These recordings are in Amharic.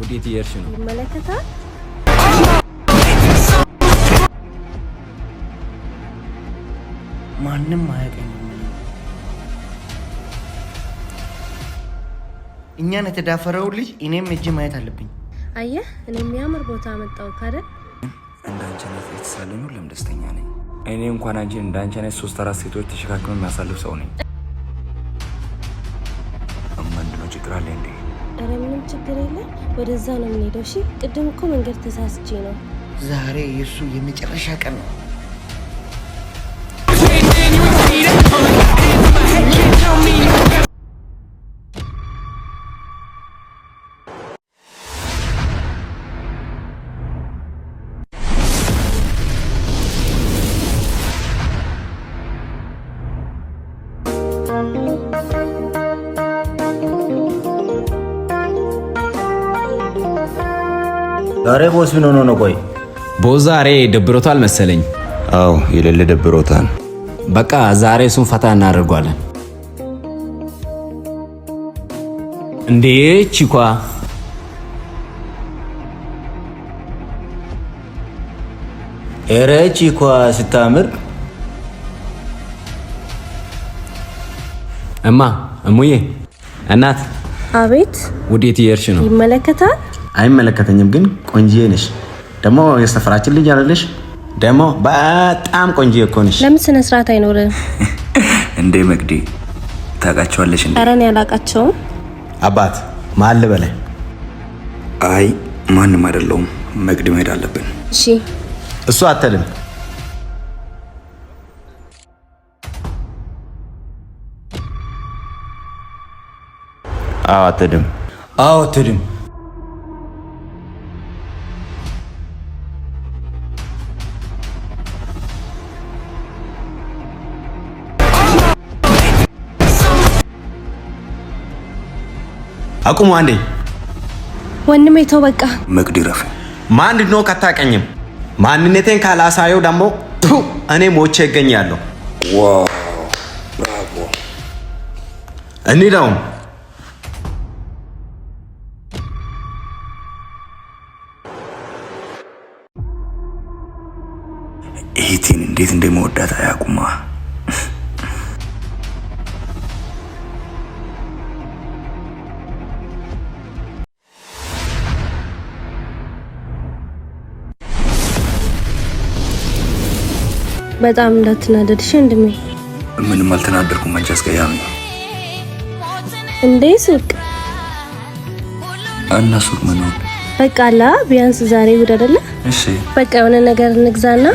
ወዴት እየሄድሽ ነው? ይመለከታል። ማንም አያውቀኝም። እኛን የተዳፈረው ልጅ እኔም እጅ ማየት አለብኝ። አየህ፣ እኔ የሚያምር ቦታ መጣው ካደ እንደ አንቺ አይነት የተሳለኑ ሁሉም ደስተኛ ነኝ። እኔ እንኳን አንቺን እንደ አንቺ አይነት ሶስት አራት ሴቶች ተሸካክመ የሚያሳልፍ ሰው ነኝ። እማ ምንድን ነው ችግር አለ እንዴ? ኧረ ምንም ችግር የለ ወደዛ ነው የምንሄደው። እሺ፣ ቅድም እኮ መንገድ ተሳስቼ ነው። ዛሬ የእሱ የመጨረሻ ቀን ነው። ዛሬ ቦስ ምን ሆኖ ነው? ቆይ ቦስ ዛሬ ደብሮታል መሰለኝ። አዎ የሌለ ደብሮታል። በቃ ዛሬ እሱን ፈታ እናደርጓለን። እንዴ ቺኳ ኧረ ቺኳ ስታምር እማ እሙዬ እናት አቤት። ውዴት እየሄድሽ ነው? ይመለከታል አይመለከተኝም። ግን ቆንጂዬ ነሽ፣ ደግሞ የሰፈራችን ልጅ አለሽ፣ ደግሞ በጣም ቆንጅዬ እኮ ነሽ። ለምን ስነ ስርዓት አይኖርም እንዴ? መቅዲ ታውቃቸዋለሽ እንዴ? ኧረ እኔ አላውቃቸውም። አባት ማል በላይ አይ ማንም አይደለውም። መግድ መሄድ አለብን። እሺ እሱ አተልም አዎ አትድም አዎ አትድም አቁሙ አንዴ። ወንድሜ ተው በቃ። ረፍ ማን ነው ከታቀኝም ማንነቴን ካላሳየው ደግሞ እኔ ሞቼ እገኛለሁ። ዋው ብራቮ። እንሂዳውም እንዴት እንደመወዳት አያውቁማ። በጣም እንዳትናደድሽ ወንድሜ። ምንም አልተናደድኩም። አንቺ አስቀያሚ እንዴ። ሱቅ እና ሱቅ ምን ሆነ? በቃ አላ ቢያንስ ዛሬ እሑድ አይደለ? እሺ በቃ የሆነ ነገር እንግዛና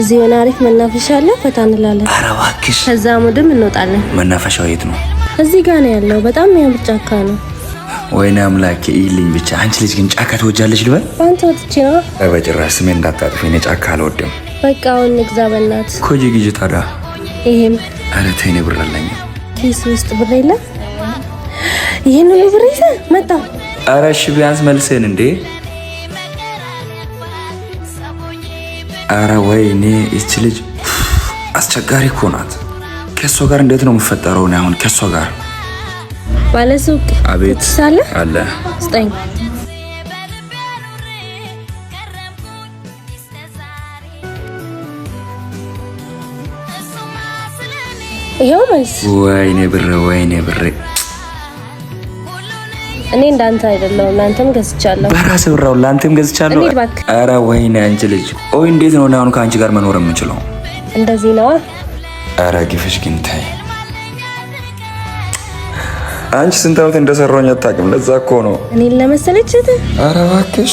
እዚህ የሆነ አሪፍ መናፈሻ አለ፣ ፈታ እንላለን። ኧረ እባክሽ። ከዛ ሙድም እንወጣለን። መናፈሻው የት ነው? እዚህ ጋር ነው ያለው። በጣም የሚያምር ጫካ ነው። ወይኔ አምላኬ ይልኝ ብቻ። አንቺ ልጅ ግን ጫካ ትወጃለሽ ልበል? አንተ ወጥቼ ነው። በጭራሽ ስሜን እንዳታጥፊ። እኔ ጫካ አልወድም። በቃ አሁን ንግዛ በእናት ኮጂ ግዢ ታዲያ። ይሄም ኧረ ተይ እኔ ብር አለኝ ኪስ ውስጥ ብር የለም። ይሄን ሁሉ ብር ይዘህ መጣ። ኧረ እሺ ቢያንስ መልሰን እንዴ። ወይ ወይኔ ይቺ ልጅ አስቸጋሪ እኮ ናት። ከእሷ ጋር እንዴት ነው የምፈጠረው? እኔ አሁን ከእሷ ጋር ባለሱቅ አቤት አለ አለ ስጠኝ ይሄው መልስ። ወይኔ ብሬ፣ ወይኔ ብሬ። እኔ እንዳንተ አይደለሁም፣ ለአንተም ገዝቻለሁ። በራሴ ብራው ለአንተም ገዝቻለሁ። ኧረ ወይኔ አንቺ ልጅ፣ ኦይ እንዴት ነው አሁን ከአንቺ ጋር መኖር የምችለው? እንደዚህ ነዋ። ኧረ ግፍሽ ግን አንቺ ስንት ዓመት እንደሰራሁኝ ለዛ እኮ ነው እኔን ለመሰለችት። ኧረ እባክሽ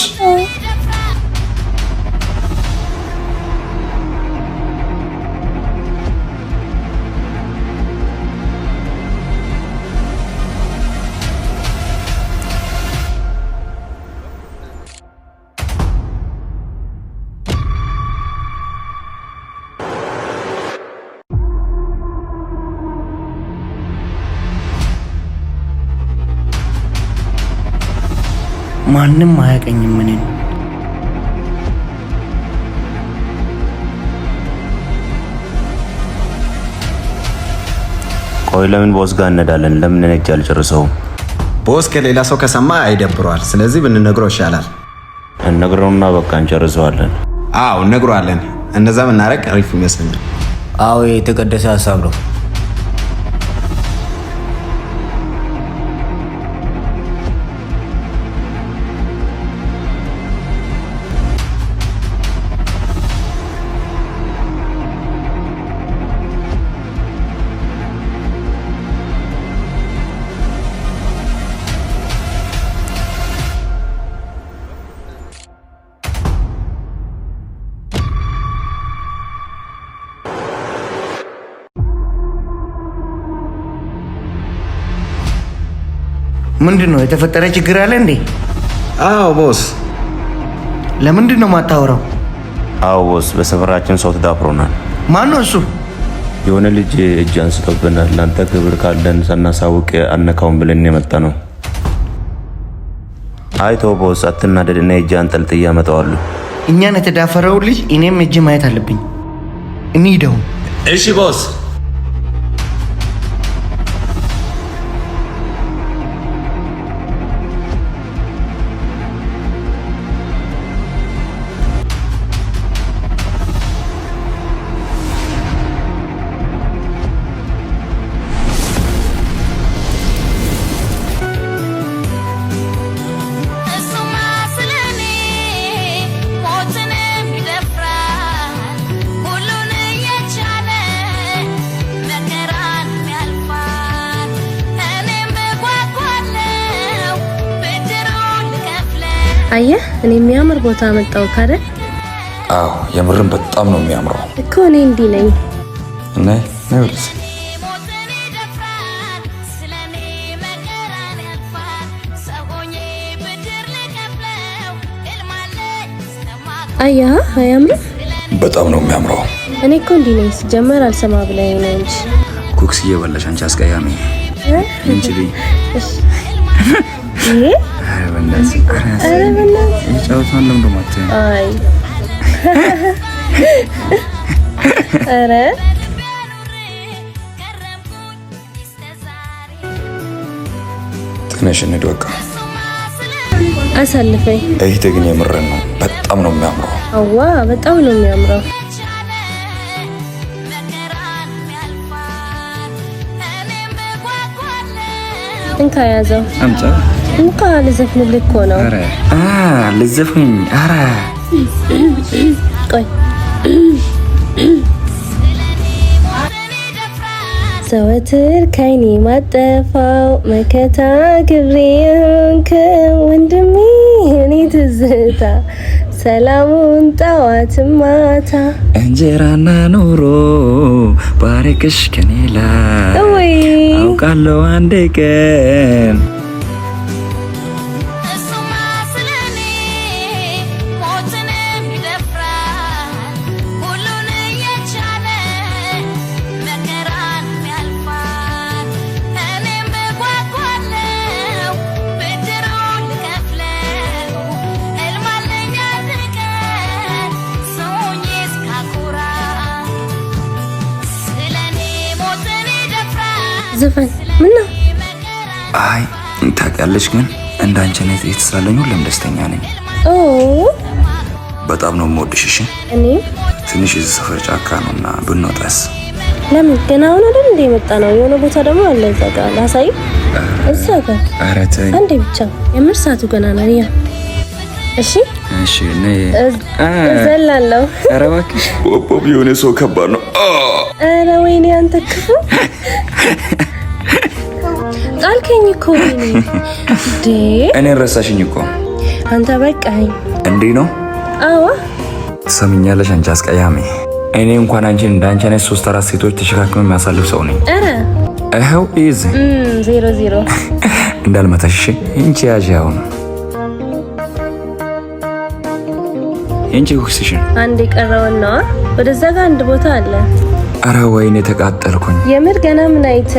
ማንም አያቀኝም እኔን። ቆይ ለምን ቦስ ጋር እነዳለን? ለምን ነጅ አልጨርሰውም? ቦስ ከሌላ ሰው ከሰማ አይደብሯል ስለዚህ ብንነግረው ይሻላል። እነግረውና በቃ እንጨርሰዋለን። አዎ እነግረዋለን። እነዛ ምናረቅ አሪፍ ይመስለኛል። አዎ የተቀደሰ ሀሳብ ነው። ምንድን ነው የተፈጠረ ችግር አለ እንዴ? አዎ ቦስ። ለምንድን ነው የማታወራው? አዎ ቦስ፣ በሰፈራችን ሰው ተዳፍሮናል። ማን ነው እሱ? የሆነ ልጅ እጅ አንስቶብናል። ለአንተ ክብር ካለን ሳናሳውቅ አነካውን ብለን የመጣ ነው። አይቶ ቦስ፣ አትናደድ። እኔ እጅ አንጠልጥዬ አመጣዋለሁ። እኛን የተዳፈረው ልጅ እኔም እጅ ማየት አለብኝ። እኔ አሁን። እሺ ቦስ። አየህ እኔ የሚያምር ቦታ መጣው ካደ አዎ የምርም በጣም ነው የሚያምረው እኮ እኔ እንዲህ ነኝ እና ነውልስ አያ አያምርም? በጣም ነው የሚያምረው። እኔ እኮ እንዲህ ነኝ። ሲጀመር አልሰማ ብለህ ነው እንጂ ኩክስ እየበላሽ አንቺ አስቀያሚ እንጂ ጨዋታን ለምን ደማት? አይ አረ ትንሽ እንድወቃ አሳልፈኝ። ይህ ግን የምርን ነው። በጣም ነው የሚያምረው። አዋ በጣም ነው የሚያምረው። እንካ ያዘው አምጫ እንኳ ልዘፍንልህ እኮ ነው። ቆይ ዘወትር ማጠፋው መከታ ግብሬ ወንድሜ እኔ ትዝታ ሰላሙን ጠዋት ማታ እንጀራና ኑሮ ባረክሽ ከኔ ላይ አውቃለሁ አንድ ቀን ዘፋኝ ምነው? አይ ታውቂያለሽ፣ ግን እንዳንቺ አይነት እህት ስላለኝ ደስተኛ ነኝ። ኦ በጣም ነው የምወድሽ። እሺ እኔ ትንሽ እዚህ ሰፈር ጫካ ነውና ብንወጣስ? ለምን ገና አሁን አይደል እንደ የመጣ ነው። የሆነ ቦታ ደግሞ አለ እዛ ጋር ላሳይ። እዛ ጋር ኧረ ተይ አንዴ ብቻ። የምር ሰዓቱ ገና ነው። ያ እሺ እሺ። እኔ እዘላለሁ። ኧረ እባክሽ ፖፖ የሆነ ሰው ከባድ ነው። ኧረ ወይኔ አንተ ክፉ ጣልከኝ እኮ እኔን ረሳሽኝ እኮ አንተ በቃኝ። እንዲህ ነው? አዎ ሰምኛለሽ። አንቺ አስቀያሚ። እኔ እንኳን አንቺን እንደ አንቺ አይነት ሶስት አራት ሴቶች ተሸካክመ የሚያሳልፍ ሰው ነኝ። ኧረ ይኸው ይዝ ዜሮ ዜሮ እንዳልመታሽ እንቺ ያዥ ያሁን እንቺ ኩክስሽን አንድ የቀረውን ነዋ። ወደዛ ጋር አንድ ቦታ አለ። አረ ወይኔ ተቃጠልኩኝ። የምር ገና ምን አይተ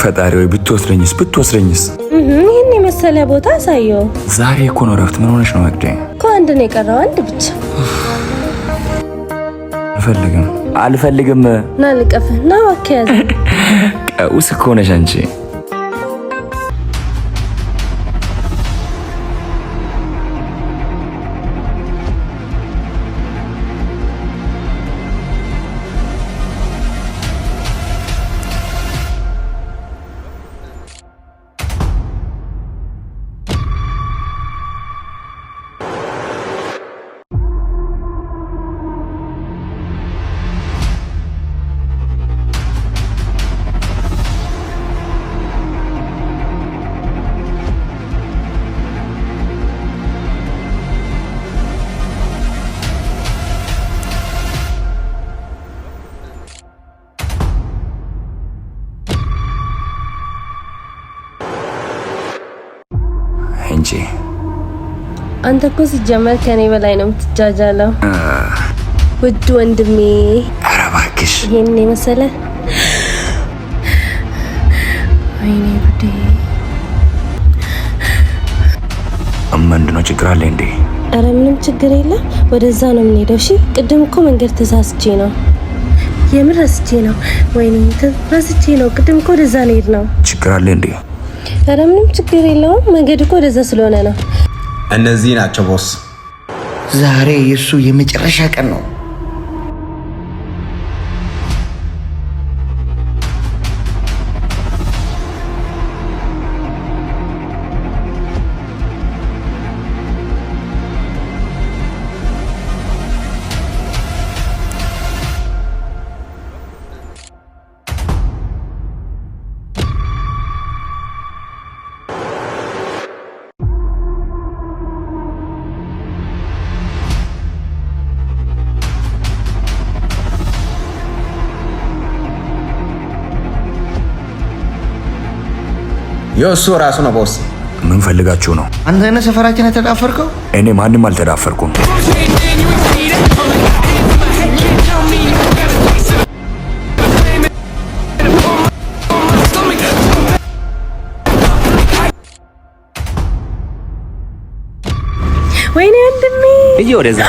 ፈጣሪ ወይ ብትወስደኝስ ብትወስደኝስ ይህን የመሰለ ቦታ አሳየው። ዛሬ እኮ ነው እረፍት። ምን ሆነች ነው መግደ እኮ አንድ ነው የቀረው አንድ ብቻ። አልፈልግም አልፈልግም። ና ልቀፍህ ና እባክህ ያዘ። ቀውስ እኮ ነሽ አንቺ አንተ እኮ ሲጀመር ከኔ በላይ ነው የምትጃጃለው ውድ ወንድሜ። ኧረ እባክሽ ይሄን የመሰለ ወይኔ ጉዴ። ምንድን ነው ችግር አለ እንዴ? ኧረ ምንም ችግር የለም። ወደዛ ነው የምንሄደው። እሺ ቅድም እኮ መንገድ ተሳስቼ ነው የምር ረስቼ ነው። ወይኔ ረስቼ ነው። ቅድም እኮ ወደዛ ነው የሄድነው። ችግር አለ እንዴ? ኧረ ምንም ችግር የለውም። መንገድ እኮ ወደዛ ስለሆነ ነው እነዚህ ናቸው ቦስ። ዛሬ የእሱ የመጨረሻ ቀን ነው። የእሱ ራሱ ነው ቦስ። ምን ፈልጋችሁ ነው? አንተ ነህ ሰፈራችን የተዳፈርከው? እኔ ማንም አልተዳፈርኩም። ወይኔ ወንድሜ፣ እይ ወደዛ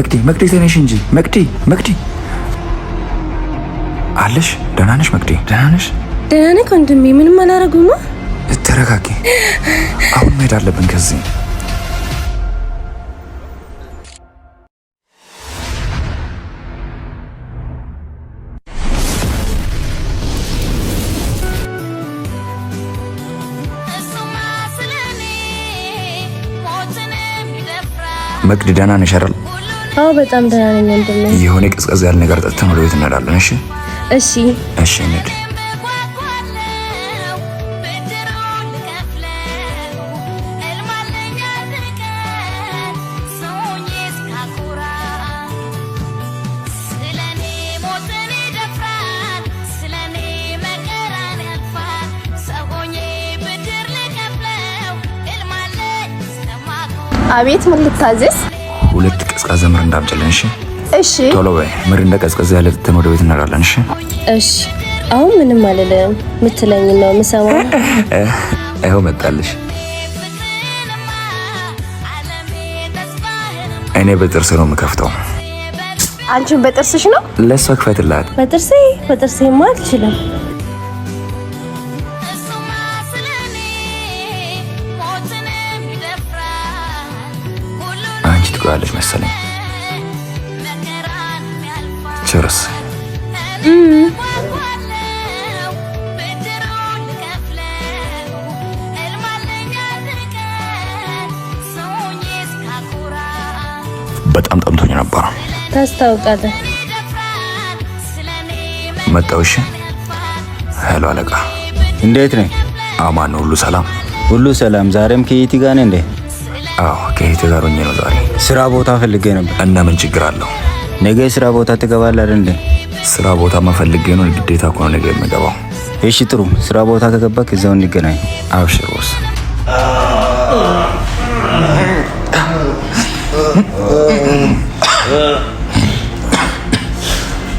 መቅዲ መቅዲ ተነሽ እንጂ መቅዲ መቅዲ አለሽ? ደህና ነሽ መቅዲ? ደህና ነሽ? ደህና ነኝ ወንድሜ፣ ምንም አላረጉም። ተረጋጊ። አሁን መሄድ አለብን ከዚህ መቅዲ። ደህና ነሽ አይደል? አዎ በጣም ደህና ነኝ ወንድሜ። የሆነ ቀዝቀዝ ያለ ነገር ጠጥተን ወደ ቤት እንሄዳለን። እሺ እሺ እሺ እንሂድ። አቤት ምን ልታዘዝ? ሁለት ቀዝቃዛ ምር እንዳምጭልን። እሺ እሺ። ቶሎ በይ። ምር እንደቀዝቀዝ ያለ ጥተን ወደ ቤት እንሄዳለን። እሺ እሺ። አሁን ምንም አልልም። ምትለኝ ነው የምሰማው። ይኸው መጣልሽ። እኔ በጥርስ ነው የምከፍተው። አንቺን በጥርስሽ ነው? ለእሷ ክፈትላት። በጥርሴ በጥርሴማ አልችልም ትችላለች መሰለኝ። ችርስ በጣም ጠምቶኝ ነበረ። ታስታውቃለህ። መጣውሽ። ሄሎ አለቃ፣ እንዴት ነህ? አማን፣ ሁሉ ሰላም፣ ሁሉ ሰላም። ዛሬም ከየቲ ጋር ነህ እንዴ? አዎ ከእህቴ ጋር ሆኜ ነው ዛሬ። ስራ ቦታ ፈልጌ ነበር። እና ምን ችግር አለው? ነገ ስራ ቦታ ትገባለህ አይደል? ስራ ቦታ መፈልጌ ነው። ግዴታ እኮ ነው ነገ የምገባው። እሺ ጥሩ። ስራ ቦታ ከገባክ እዛው እንገናኝ። አብሽር ቦስ።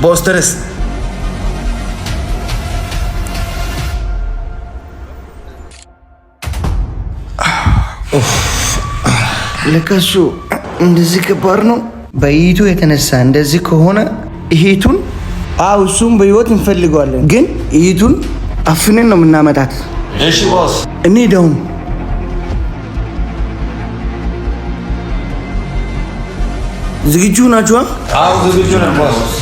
ቦስተርስ ኡፍ ለከሱ እንደዚህ ከባድ ነው። በይቱ የተነሳ እንደዚህ ከሆነ ይሄቱን አው እሱም በህይወት እንፈልገዋለን፣ ግን ይሄቱን አፍንን ነው የምናመጣት። እሺ ቦስ፣ እኔ ደውም ዝግጁ ናችሁ? ዝግጁ ነን ቦስ።